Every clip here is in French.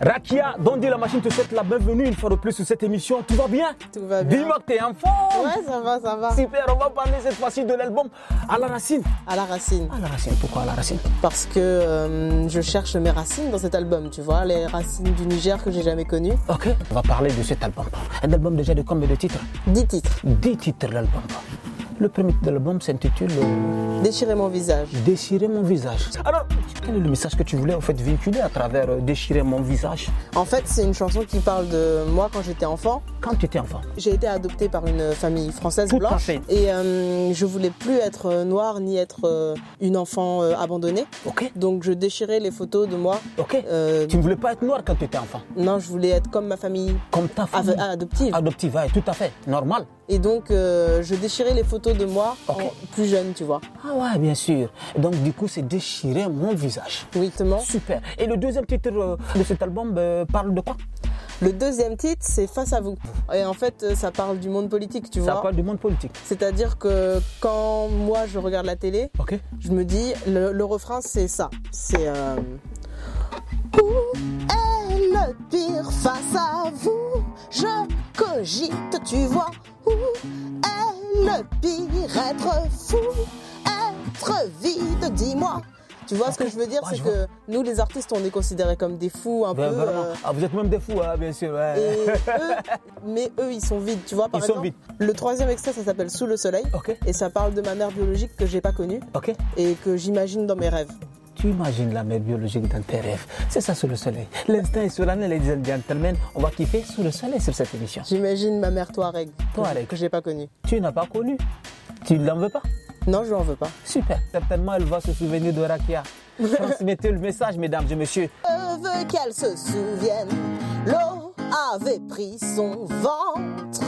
Rakia, Dondi, la machine te souhaite la bienvenue une fois de plus sur cette émission. Tout va bien Tout va bien. Dis-moi que t'es en forme Ouais, ça va, ça va. Super, on va parler cette fois-ci de l'album À la racine. À la racine. À la racine, pourquoi à la racine Parce que euh, je cherche mes racines dans cet album, tu vois, les racines du Niger que j'ai jamais connues. Ok, on va parler de cet album. Un album déjà de combien de titres 10 titres. 10 titres l'album. Le premier de l'album s'intitule euh, Déchirer mon visage. Déchirer mon visage. Alors, quel est le message que tu voulais en fait véhiculer à travers euh, Déchirer mon visage En fait, c'est une chanson qui parle de moi quand j'étais enfant. Quand tu étais enfant J'ai été adoptée par une famille française Tout blanche. Fait. Et euh, je voulais plus être noire ni être une enfant abandonnée. Ok. Donc je déchirais les photos de moi. Ok. tu ne voulais pas être noire quand tu étais enfant Non, je voulais être comme ma famille. Comme ta famille. adoptive. Adoptive, tout à fait. Normal. Et donc je déchirais les photos de moi, en plus jeune, tu vois. Ah ouais, bien sûr. Donc du coup, c'est déchirer mon visage. Oui, Super. Et le deuxième titre euh, de cet album euh, parle de quoi le deuxième titre, c'est Face à vous. Et en fait, euh, ça parle du monde politique, tu vois. Ça parle du monde politique. C'est-à-dire que quand moi, je regarde la télé, ok je me dis, le, refrain, c'est ça. C'est... Où est le pire face à vous Je cogite, tu vois le pire Être fou, être vide, dis-moi. Tu vois, ce que je veux dire, c'est que nous, les artistes, on est considérés comme des fous un peu. Euh, ah, vous êtes même des fous, hein, bien sûr. mais eux, ils sont vides, tu vois. Par ils exemple, sont vides. Le troisième extrait, ça s'appelle Sous le soleil. Et ça parle de ma mère biologique que j'ai pas connue. Et que j'imagine dans mes rêves. Imagine la mer biologique dans tes rêves. C'est ça sous le soleil. L'instinct est solennel, Les de gentlemen. On va kiffer sous le soleil sur cette émission. J'imagine ma mère Touareg. Touareg. Que j'ai pas connue. Tu n'as pas connu. Tu l'en veux pas Non, je n'en veux pas. Super. Certainement, elle va se souvenir de Rakia. Transmettez le message, mesdames et messieurs. Je veux qu'elle se souvienne. L'eau avait pris son ventre.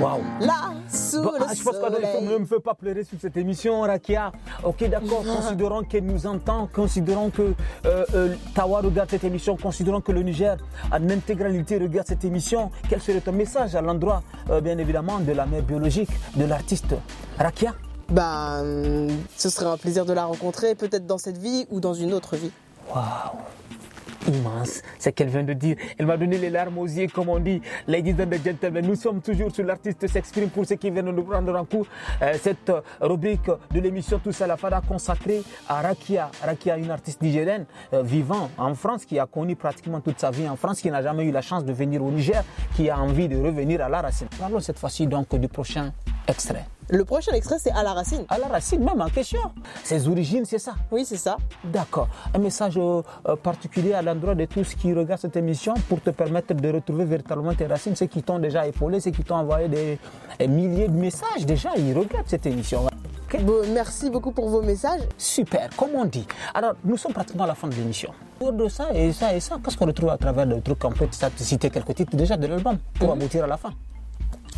Waouh. Là, sous bah, ah, Je ne me fait pas pleurer sur cette émission, Rakia. Ok, d'accord, considérons qu'elle nous entend, considérons que euh, euh, Tawa regarde cette émission, considérant que le Niger en intégralité regarde cette émission. Quel serait ton message à l'endroit, euh, bien évidemment, de la mère biologique, de l'artiste Rakia Ben, ce serait un plaisir de la rencontrer, peut-être dans cette vie ou dans une autre vie. Waouh immense, c'est qu'elle vient de dire. Elle m'a donné les larmes aux yeux, comme on dit. Ladies and gentlemen, nous sommes toujours sur l'artiste s'exprime pour ceux qui viennent nous prendre en cours. Euh, cette euh, rubrique de l'émission Tous à la Fada consacrée à Rakia. Rakia, une artiste nigérienne euh, vivant en France, qui a connu pratiquement toute sa vie en France, qui n'a jamais eu la chance de venir au Niger, qui a envie de revenir à la racine. Parlons cette fois-ci donc du prochain le prochain extrait, c'est à la racine. À la racine, même en question. Ses origines, c'est ça. Oui, c'est ça. D'accord. Un message euh, euh, particulier à l'endroit de tous qui regardent cette émission pour te permettre de retrouver véritablement tes racines, ceux qui t'ont déjà épaulé, ceux qui t'ont envoyé des, milliers de messages. Déjà, ils regardent cette émission. merci beaucoup pour vos messages. Super, comme on dit. Alors, nous sommes pratiquement à la fin de l'émission. Pour de ça et ça et ça, qu'est-ce qu'on retrouve à travers le truc On peut citer quelques titres déjà de l'album pour mhm. aboutir à la fin.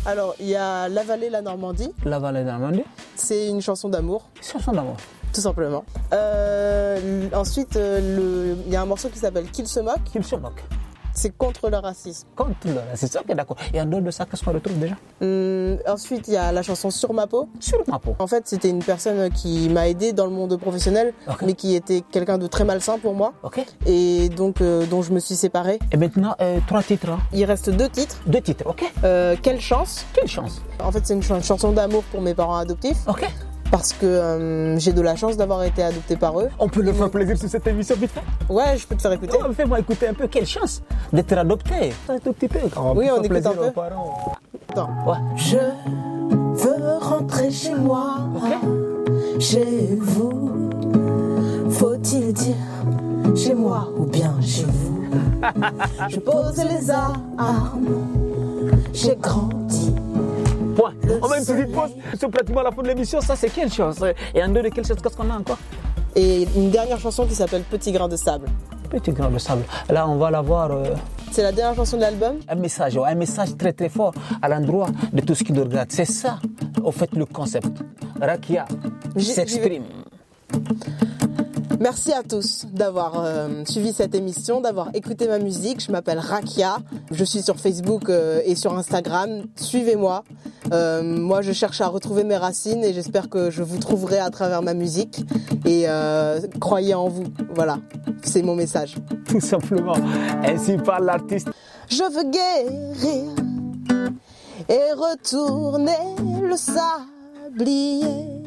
Alors, il y a La vallée, la Normandie. La vallée, la Normandie. C'est une chanson d'amour. Chanson d'amour. Tout simplement. Euh, ensuite, euh, il y a un morceau qui s'appelle Qu'il se moque. Qu'il se moque. C'est contre le racisme. Contre le racisme, ok, d'accord. Et en dehors de ça, qu'est-ce qu'on retrouve déjà hum, Ensuite, il y a la chanson Sur ma peau. Sur ma peau. En fait, c'était une personne qui m'a aidé dans le monde professionnel, mais qui était quelqu'un de très malsain pour moi. Ok. Et donc, euh, dont je me suis séparée. Et maintenant, euh, trois titres. Hein. Il reste deux titres. Deux titres, ok. Euh, quelle chance Quelle chance En fait, c'est une, chanson d'amour pour mes parents adoptifs parce que euh, j'ai de la chance d'avoir été adopté par eux. On peut le faire plaisir sur cette émission vite fait Ouais, je peux te faire écouter. Oh, fais-moi écouter un peu, quelle chance d'être adopté. Un tout petit peu. Oh, oui, on écoute un peu. Attends. Ouais. Je veux rentrer chez moi, chez vous. Faut-il dire chez moi ou bien chez vous Je pose les armes, j'ai grandi on met une petite pause sur pratiquement la fin de l'émission. Ça, c'est quelle chose Et en deux de quelle chose Qu'est-ce qu'on a encore Et une dernière chanson qui s'appelle Petit grain de sable. Petit grain de sable. Là, on va la voir. Euh, c'est la dernière chanson de l'album Un message, un message très très fort à l'endroit de tout ce qui nous regarde. C'est ça, au fait, le concept. Rakia s'exprime. Merci à tous d'avoir euh, suivi cette émission, d'avoir écouté ma musique. Je m'appelle Rakia. Je suis sur Facebook euh, et sur Instagram. Suivez-moi. Euh, moi, je cherche à retrouver mes racines et j'espère que je vous trouverai à travers ma musique. Et croyez en vous. Voilà, c'est mon message. Tout simplement. Et si parle l'artiste. Je veux guérir et retourner le sablier